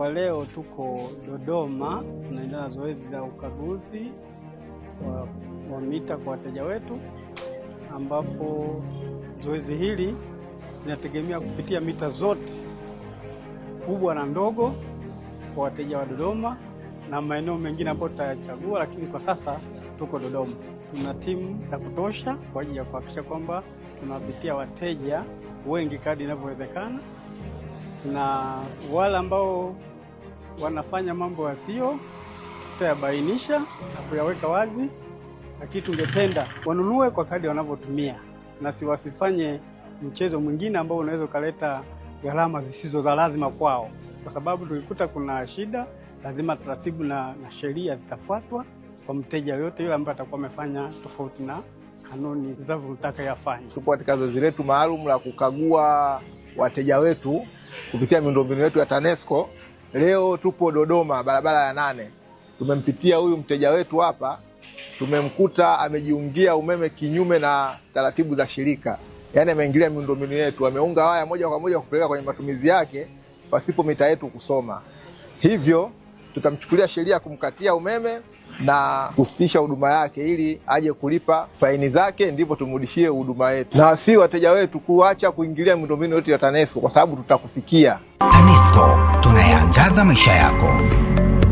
Kwa leo tuko Dodoma, tunaendelea na zoezi la ukaguzi wa, wa mita kwa wateja wetu, ambapo zoezi hili linategemea kupitia mita zote kubwa na ndogo kwa wateja wa Dodoma na maeneo mengine ambayo tutayachagua, lakini kwa sasa tuko Dodoma. Tuna timu za kutosha kwa ajili ya kuhakikisha kwamba tunawapitia wateja wengi kadri inavyowezekana na wale ambao wanafanya mambo yasiyo, tutayabainisha na kuyaweka wazi, lakini tungependa wanunue kwa kadi wanavyotumia na si wasifanye mchezo mwingine ambao unaweza ukaleta gharama zisizo za lazima kwao, kwa sababu tukikuta kuna shida, lazima taratibu na, na sheria zitafuatwa kwa mteja yoyote yule ambaye atakuwa amefanya tofauti na kanuni zinavyotaka yafanye. Tupo katika zoezi letu maalum la kukagua wateja wetu kupitia miundombinu yetu ya TANESCO. Leo tupo Dodoma, barabara ya nane. Tumempitia huyu mteja wetu hapa, tumemkuta amejiungia umeme kinyume na taratibu za shirika, yaani ameingilia miundombinu yetu, ameunga waya moja kwa moja kupeleka kwenye matumizi yake pasipo mita yetu kusoma. Hivyo tutamchukulia sheria kumkatia umeme na kusitisha huduma yake ili aje kulipa faini zake, ndipo tumrudishie huduma yetu, na si wateja wetu kuacha kuingilia miundombinu yetu ya TANESCO kwa sababu tutakufikia TANESCO za maisha yako.